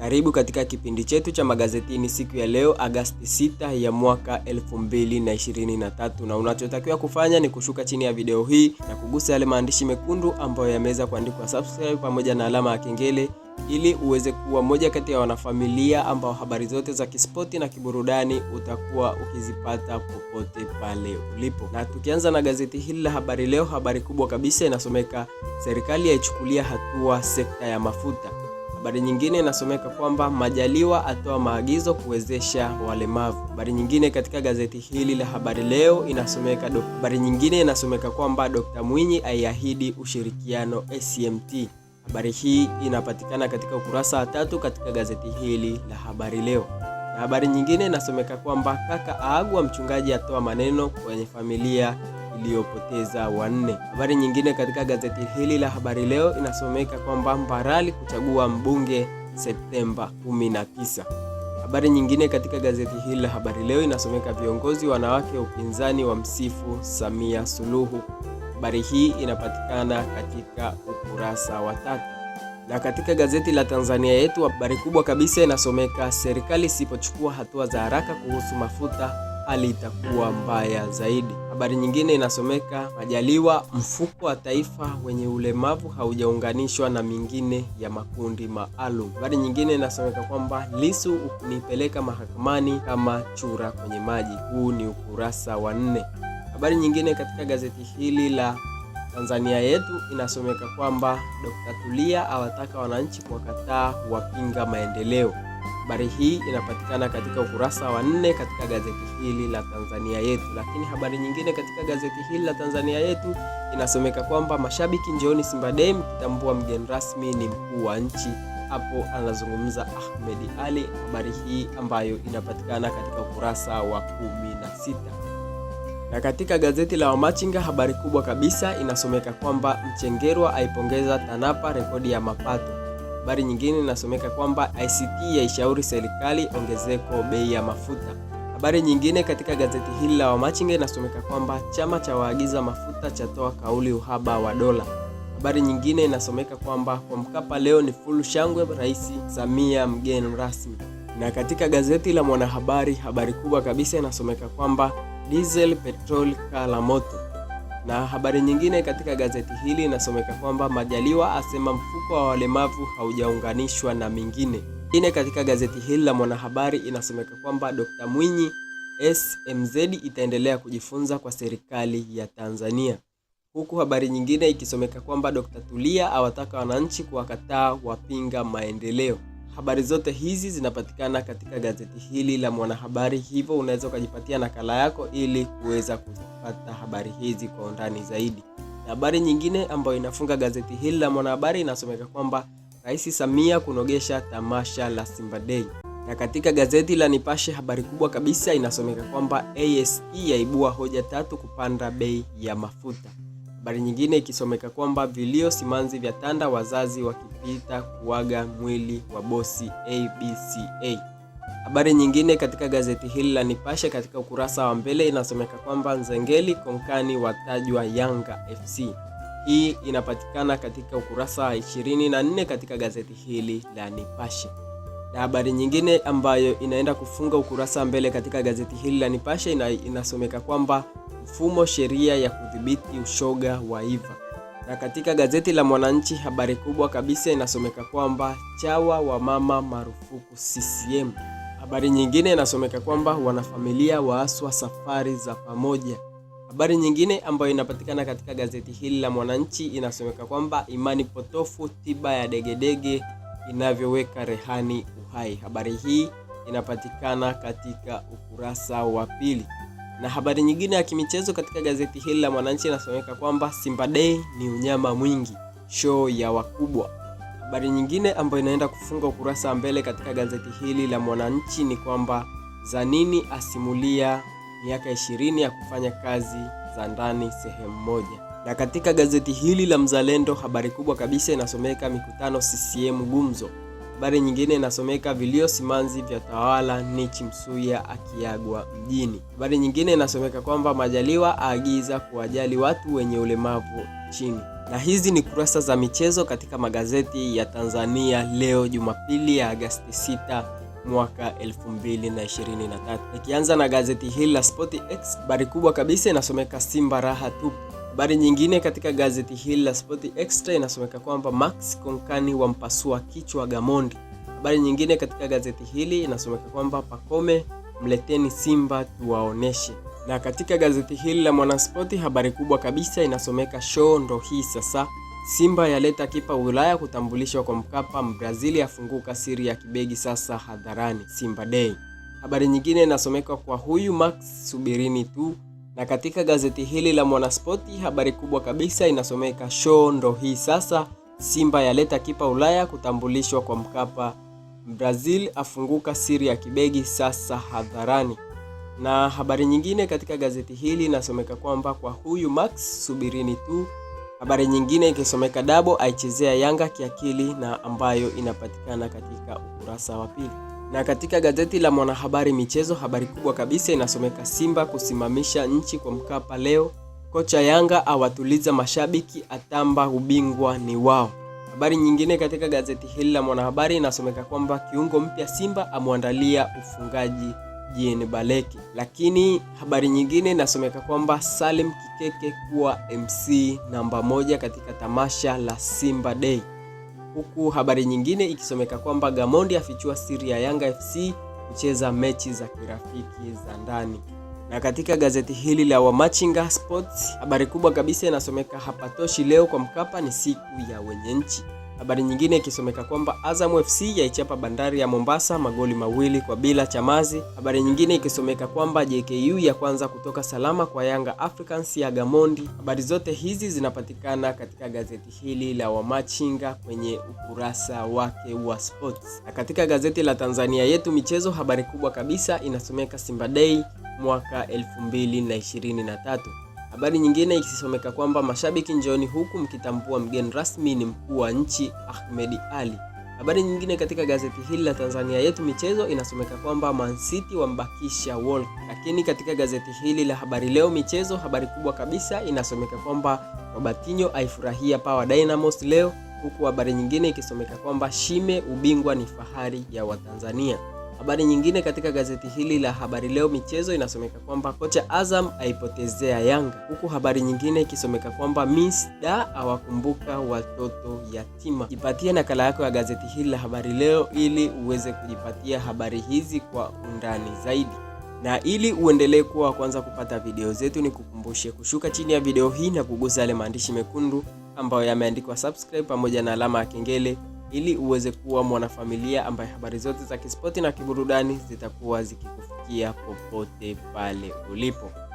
Karibu katika kipindi chetu cha magazetini siku ya leo Agasti 6 ya mwaka 2023, na unachotakiwa kufanya ni kushuka chini ya video hii na kugusa yale maandishi mekundu ambayo yameweza kuandikwa subscribe pamoja na alama ya kengele ili uweze kuwa moja kati ya wanafamilia ambao habari zote za kispoti na kiburudani utakuwa ukizipata popote pale ulipo. Na tukianza na gazeti hili la Habari Leo, habari kubwa kabisa inasomeka serikali yaichukulia hatua sekta ya mafuta. Habari nyingine inasomeka kwamba Majaliwa atoa maagizo kuwezesha walemavu. Habari nyingine katika gazeti hili la Habari Leo inasomeka habari nyingine inasomeka kwamba Dr. Mwinyi aiahidi ushirikiano ACMT. E habari hii inapatikana katika ukurasa wa tatu katika gazeti hili la Habari Leo. Na habari nyingine inasomeka kwamba kaka aagwa mchungaji atoa maneno kwenye familia iliyopoteza wanne. Habari nyingine katika gazeti hili la Habari Leo inasomeka kwamba Mbarali kuchagua mbunge Septemba 19. Habari nyingine katika gazeti hili la Habari Leo inasomeka viongozi wanawake upinzani wa msifu Samia Suluhu. Habari hii inapatikana katika ukurasa wa tatu na katika gazeti la Tanzania Yetu habari kubwa kabisa inasomeka serikali isipochukua hatua za haraka kuhusu mafuta hali itakuwa mbaya zaidi. Habari nyingine inasomeka Majaliwa, mfuko wa taifa wenye ulemavu haujaunganishwa na mingine ya makundi maalum. Habari nyingine inasomeka kwamba Lisu ukunipeleka mahakamani kama chura kwenye maji. Huu ni ukurasa wa nne. Habari nyingine katika gazeti hili la Tanzania yetu inasomeka kwamba Dkt. Tulia awataka wananchi kuwakataa wapinga maendeleo. Habari hii inapatikana katika ukurasa wa nne katika gazeti hili la Tanzania Yetu. Lakini habari nyingine katika gazeti hili la Tanzania Yetu inasomeka kwamba mashabiki njooni Simba Day, mkitambua mgeni rasmi ni mkuu wa nchi. Hapo anazungumza Ahmed Ali, habari hii ambayo inapatikana katika ukurasa wa sita Na katika gazeti la Wamachinga habari kubwa kabisa inasomeka kwamba Mchengerwa aipongeza TANAPA rekodi ya mapato Habari nyingine inasomeka kwamba ICT yaishauri serikali ongezeko bei ya mafuta. Habari nyingine katika gazeti hili la Wamachinga inasomeka kwamba chama cha waagiza mafuta chatoa kauli uhaba wa dola. Habari nyingine inasomeka kwamba kwa Mkapa leo ni full shangwe, Rais Samia mgeni rasmi. Na katika gazeti la Mwanahabari habari kubwa kabisa inasomeka kwamba diesel petrol kala moto. Na habari nyingine katika gazeti hili inasomeka kwamba Majaliwa asema mfuko wa walemavu haujaunganishwa na mingine. Ingine katika gazeti hili la Mwanahabari inasomeka kwamba Dr. Mwinyi SMZ itaendelea kujifunza kwa serikali ya Tanzania, huku habari nyingine ikisomeka kwamba Dr. Tulia awataka wananchi kuwakataa wapinga maendeleo. Habari zote hizi zinapatikana katika gazeti hili la Mwanahabari, hivyo unaweza ukajipatia nakala yako ili kuweza kupata habari hizi kwa undani zaidi. Na habari nyingine ambayo inafunga gazeti hili la Mwanahabari inasomeka kwamba Rais Samia kunogesha tamasha la Simba Day. Na katika gazeti la Nipashe habari kubwa kabisa inasomeka kwamba ASE yaibua hoja tatu kupanda bei ya mafuta habari nyingine ikisomeka kwamba vilio simanzi vya tanda wazazi wakipita kuaga mwili wa bosi ABCA. Habari nyingine katika gazeti hili la Nipashe katika ukurasa wa mbele inasomeka kwamba Nzengeli konkani watajwa Yanga FC. Hii inapatikana katika ukurasa wa 24 katika gazeti hili la Nipashe na habari nyingine ambayo inaenda kufunga ukurasa wa mbele katika gazeti hili la Nipashe ina, inasomeka kwamba mfumo sheria ya kudhibiti ushoga wa iva. Na katika gazeti la Mwananchi habari kubwa kabisa inasomeka kwamba chawa wa mama marufuku CCM. Habari nyingine inasomeka kwamba wanafamilia waaswa safari za pamoja. Habari nyingine ambayo inapatikana katika gazeti hili la Mwananchi inasomeka kwamba imani potofu tiba ya degedege inavyoweka rehani uhai. Habari hii inapatikana katika ukurasa wa pili. Na habari nyingine ya kimichezo katika gazeti hili la Mwananchi inasomeka kwamba Simba Day ni unyama mwingi, show ya wakubwa. Habari nyingine ambayo inaenda kufunga ukurasa wa mbele katika gazeti hili la Mwananchi ni kwamba Zanini asimulia miaka ishirini ya kufanya kazi za ndani sehemu moja. Na katika gazeti hili la Mzalendo habari kubwa kabisa inasomeka mikutano CCM gumzo. Habari nyingine inasomeka vilio simanzi vya tawala Nichi Msuya akiagwa mjini. Habari nyingine inasomeka kwamba Majaliwa aagiza kuwajali watu wenye ulemavu chini Na hizi ni kurasa za michezo katika magazeti ya Tanzania leo Jumapili ya Agasti 6 mwaka 2023. Nikianza na gazeti hili la Sport X, habari kubwa kabisa inasomeka Simba raha tupu Habari nyingine katika gazeti hili la Sport Extra inasomeka kwamba Max Konkani wampasua kichwa Gamondi. Habari nyingine katika gazeti hili inasomeka kwamba Pakome mleteni Simba tuwaoneshe. Na katika gazeti hili la Mwanaspoti habari kubwa kabisa inasomeka show ndo hii sasa, Simba yaleta kipa Ulaya kutambulishwa kwa Mkapa, Mbrazili afunguka siri ya kibegi sasa hadharani, Simba Day. Habari nyingine inasomeka kwa huyu Max, subirini tu na katika gazeti hili la Mwanaspoti habari kubwa kabisa inasomeka show ndo hii sasa, Simba yaleta kipa Ulaya kutambulishwa kwa Mkapa, Brazil afunguka siri ya kibegi sasa hadharani. Na habari nyingine katika gazeti hili inasomeka kwamba kwa huyu Max subirini tu. Habari nyingine ikisomeka Dabo aichezea Yanga kiakili na ambayo inapatikana katika ukurasa wa pili. Na katika gazeti la Mwanahabari michezo, habari kubwa kabisa inasomeka Simba kusimamisha nchi kwa Mkapa leo, kocha Yanga awatuliza mashabiki, atamba ubingwa ni wao. Habari nyingine katika gazeti hili la Mwanahabari inasomeka kwamba kiungo mpya Simba amwandalia ufungaji Jean Baleki, lakini habari nyingine inasomeka kwamba Salim Kikeke kuwa MC namba moja katika tamasha la Simba Day huku habari nyingine ikisomeka kwamba Gamondi afichua siri ya Yanga FC kucheza mechi za kirafiki za ndani. Na katika gazeti hili la Wamachinga Sports habari kubwa kabisa inasomeka hapatoshi leo kwa Mkapa ni siku ya wenye nchi. Habari nyingine ikisomeka kwamba Azam FC yaichapa bandari ya Mombasa magoli mawili kwa bila Chamazi. Habari nyingine ikisomeka kwamba JKU ya kwanza kutoka salama kwa Yanga Africans ya Gamondi. Habari zote hizi zinapatikana katika gazeti hili la Wamachinga kwenye ukurasa wake wa sports. Na katika gazeti la Tanzania yetu michezo, habari kubwa kabisa inasomeka Simba Day mwaka 2023. Habari nyingine ikisomeka kwamba mashabiki njooni huku mkitambua mgeni rasmi ni mkuu wa nchi Ahmed Ali. Habari nyingine katika gazeti hili la Tanzania yetu michezo inasomeka kwamba Man City wambakisha Wolf. Lakini katika gazeti hili la habari leo michezo, habari kubwa kabisa inasomeka kwamba Robertinho aifurahia Power Dynamos leo, huku habari nyingine ikisomeka kwamba Shime ubingwa ni fahari ya Watanzania. Habari nyingine katika gazeti hili la Habari Leo michezo inasomeka kwamba kocha Azam aipotezea Yanga, huku habari nyingine ikisomeka kwamba Miss Da awakumbuka watoto yatima. Jipatie nakala yako ya gazeti hili la Habari Leo ili uweze kujipatia habari hizi kwa undani zaidi na ili uendelee kuwa wa kwanza kupata video zetu, ni kukumbushe kushuka chini ya video hii na kugusa yale maandishi mekundu ambayo yameandikwa subscribe pamoja na alama ya kengele ili uweze kuwa mwanafamilia ambaye habari zote za kispoti na kiburudani zitakuwa zikikufikia popote pale ulipo.